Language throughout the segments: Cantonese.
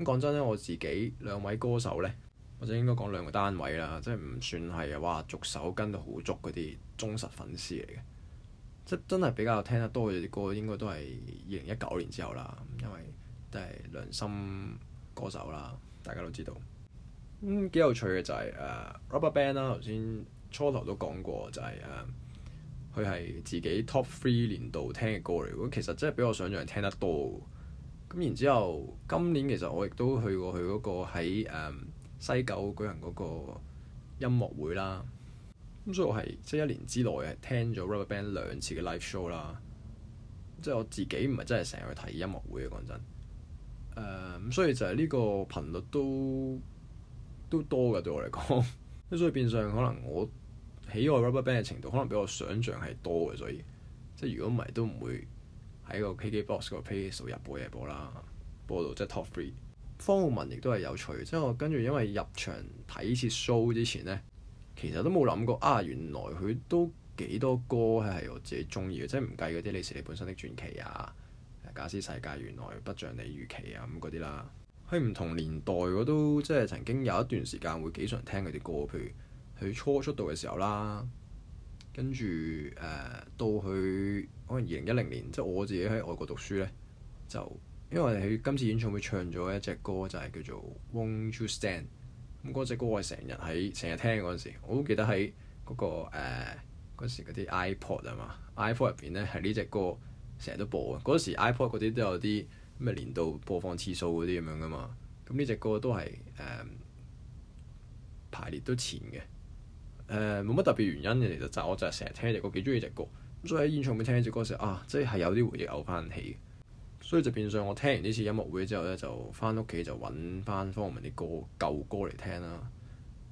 咁講真咧，我自己兩位歌手呢，或者應該講兩個單位啦，即係唔算係話逐首跟到好足嗰啲忠實粉絲嚟嘅，即真係比較聽得多嘅啲歌，應該都係二零一九年之後啦，因為都係良心歌手啦，大家都知道。咁、嗯、幾有趣嘅就係、是 uh, Rubberband 啦，頭先初頭都講過，就係佢係自己 top three 年度聽嘅歌嚟，咁其實真係比我想象聽得多。咁然之後，今年其實我亦都去過去嗰、那個喺誒、嗯、西九舉行嗰個音樂會啦。咁、嗯、所以我係即係一年之內係聽咗 RubberBand 兩次嘅 live show 啦。即係我自己唔係真係成日去睇音樂會嘅講真。誒、嗯、咁所以就係呢個頻率都都多嘅，對我嚟講。咁 所以變相可能我喜愛 RubberBand 嘅程度可能比我想像係多嘅，所以即係如果唔係都唔會。喺個 KKBOX 個 place 做日播夜播啦，播到即係 top three。方皓玟亦都係有趣，即係我跟住因為入場睇次 show 之前咧，其實都冇諗過啊，原來佢都幾多歌係我自己中意嘅，即係唔計嗰啲你是你本身的傳奇啊、假使世界原來不像你預期啊咁嗰啲啦。喺唔同年代我都即係曾經有一段時間會幾常聽佢啲歌，譬如佢初出道嘅時候啦，跟住誒、呃、到佢。可能二零一零年，即係我自己喺外國讀書咧，就因為我哋喺今次演唱會唱咗一隻歌，就係叫做《Won't You Stand》。咁嗰隻歌我係成日喺成日聽嗰陣時，我都記得喺嗰個誒嗰時嗰啲 iPod 啊嘛，iPhone 入邊咧係呢隻歌成日都播嘅。嗰時 iPod 嗰啲都有啲咩年度播放次數嗰啲咁樣噶嘛。咁呢隻歌都係誒排列都前嘅，誒冇乜特別原因嘅，其實就我就係成日聽呢隻歌，幾中意呢隻歌。咁所以喺現場未聽呢隻歌嘅時啊，即係有啲回憶湧翻起，所以就變相我聽完呢次音樂會之後咧，就翻屋企就揾翻方文民啲歌舊歌嚟聽啦。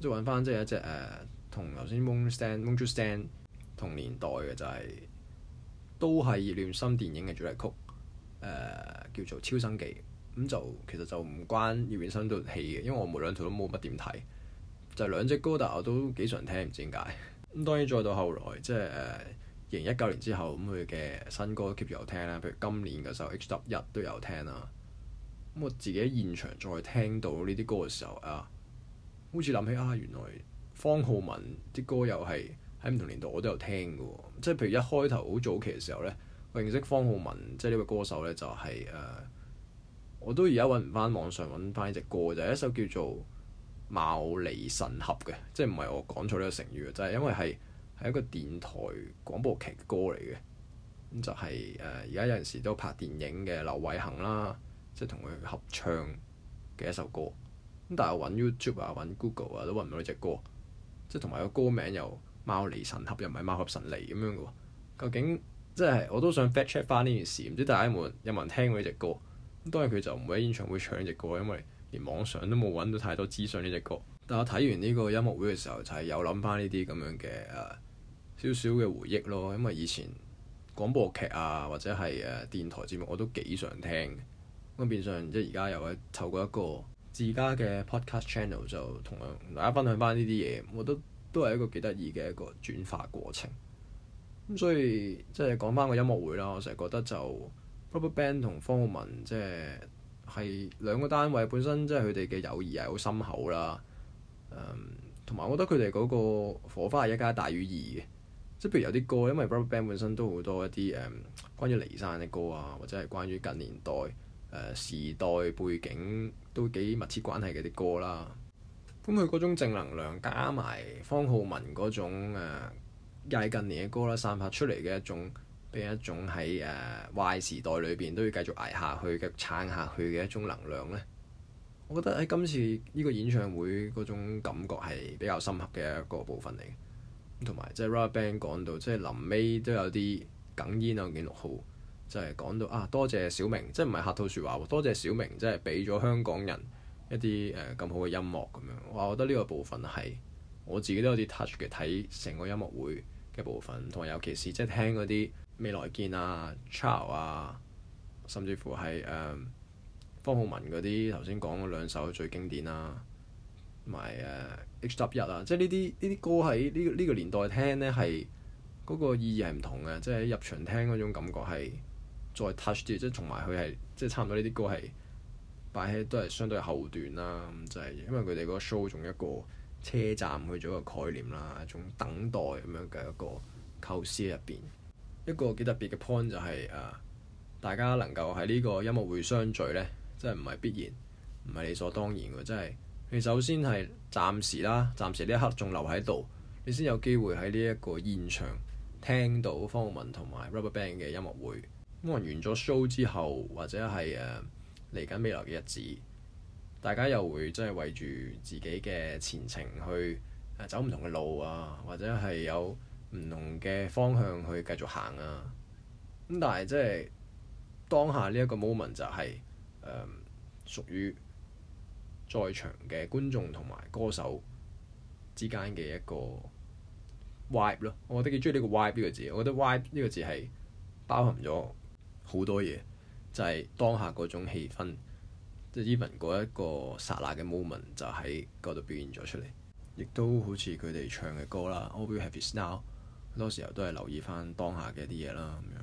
即係揾翻即係一隻誒，同頭先《Moonstand》《Moonstand》同年代嘅就係、是、都係葉念心電影嘅主題曲誒、呃，叫做《超生記》。咁就其實就唔關葉念琛對戲嘅，因為我冇兩套都冇乜點睇，就是、兩隻歌，但我都幾常聽，唔知點解咁。 當然再到後來即係。呃二零一九年之後咁佢嘅新歌 keep 住有聽啦，譬如今年嗰首《h 到一》都有聽啦。咁我自己喺現場再聽到呢啲歌嘅時候啊，好似諗起啊，原來方皓玟啲歌又係喺唔同年代我都有聽嘅喎。即係譬如一開頭好早期嘅時候呢，我認識方皓玟即係呢個歌手呢，就係、是、誒、啊，我都而家揾唔翻網上揾翻呢隻歌，就係、是、一首叫做《貌離神合》嘅，即係唔係我講錯呢個成語啊？就係因為係。係一個電台廣播劇歌嚟嘅，咁就係誒而家有陣時都拍電影嘅劉偉恒啦，即係同佢合唱嘅一首歌。咁但係揾 YouTube 啊、揾 Google 啊都揾唔到呢隻歌，即係同埋個歌名又貓嚟神合，又唔係貓合神嚟咁樣嘅喎。究竟即係我都想 fact check 翻呢件事，唔知大家有冇有冇人聽過呢隻歌？當然佢就唔會喺演唱會唱呢隻歌，因為連網上都冇揾到太多資訊呢隻歌。但我睇完呢個音樂會嘅時候，就係、是、有諗翻呢啲咁樣嘅誒。呃少少嘅回憶咯，因為以前廣播劇啊，或者係誒電台節目，我都幾常聽咁。變相即而家又係透過一個自家嘅 podcast channel 就同大家分享翻呢啲嘢，我覺得都係一個幾得意嘅一個轉化過程。咁所以即係講翻個音樂會啦，我成日覺得就 RubberBand 同方皓玟即係係兩個單位本身，即係佢哋嘅友誼係好深厚啦。同、嗯、埋我覺得佢哋嗰個火花係一加大於二嘅。即係譬如有啲歌，因為 RubberBand 本身都好多一啲誒、嗯，關於離散嘅歌啊，或者係關於近年代誒、呃、時代背景都幾密切關係嘅啲歌啦。咁佢嗰種正能量加埋方皓玟嗰種誒、呃、近年嘅歌啦、啊，散發出嚟嘅一種，俾一種喺誒、呃、壞時代裏邊都要繼續捱下去、嘅、撐下去嘅一種能量咧。我覺得喺今次呢個演唱會嗰種感覺係比較深刻嘅一個部分嚟嘅。同埋即係 RubberBand 講到，即係臨尾都有啲哽咽啊！我見六號即係講到啊，多謝小明，即係唔係客套説話，多謝小明，即係俾咗香港人一啲誒咁好嘅音樂咁樣，我覺得呢個部分係我自己都有啲 touch 嘅睇成個音樂會嘅部分，同埋尤其是即係聽嗰啲未來見啊、Charles 啊,甚至乎係誒、呃、方浩文嗰啲頭先講嗰兩首最經典啦、啊。同埋誒 HW1 啊，uh, 即係呢啲呢啲歌喺呢呢個年代聽咧，係嗰個意義係唔同嘅。即係喺入場聽嗰種感覺係再 touch 啲，即係同埋佢係即係差唔多呢啲歌係擺喺都係相對後段啦。咁、嗯、就係、是、因為佢哋嗰個 show 仲一個車站去咗個概念啦，仲等待咁樣嘅一個構思喺入邊。一個幾特別嘅 point 就係、是、誒、uh, 大家能夠喺呢個音樂會相聚咧，真係唔係必然，唔係理所當然嘅，真係。你首先係暫時啦，暫時呢一刻仲留喺度，你先有機會喺呢一個現場聽到方皓玟同埋 Rubberband 嘅音樂會。咁、嗯、完完咗 show 之後，或者係誒嚟緊未來嘅日子，大家又會即係為住自己嘅前程去誒、呃、走唔同嘅路啊，或者係有唔同嘅方向去繼續行啊。咁、嗯、但係即係當下呢一個 moment 就係、是、誒、呃、屬於在場嘅觀眾同埋歌手之間嘅一個 vibe 咯，我覺得幾中意呢個 vibe 呢個字。我覺得 vibe 呢個字係包含咗好多嘢，就係、是、當下嗰種氣氛，即係 even 嗰一個剎那嘅 moment 就喺嗰度表現咗出嚟，亦都好似佢哋唱嘅歌啦。Hope you happy now。好多時候都係留意翻當下嘅一啲嘢啦，咁樣。